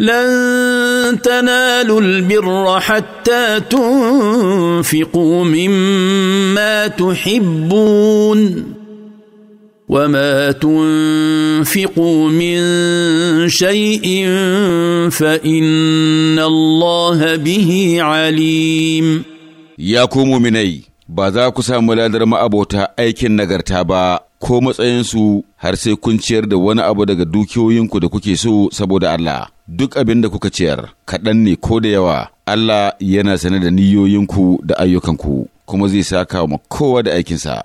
لن تنالوا البر حتى تنفقوا مما تحبون وما تنفقوا من شيء فان الله به عليم يا كومو مني بذاك za ku ابوتا ايكن ma'abota aikin ko matsayinsu har sai kun ciyar da wani abu daga dukiyoyinku da kuke so saboda Allah. Duk abin da kuka ciyar, kaɗan ne ko da yawa, Allah yana sane da niyoyinku da ayyukanku, kuma zai saka wa kowa da aikinsa.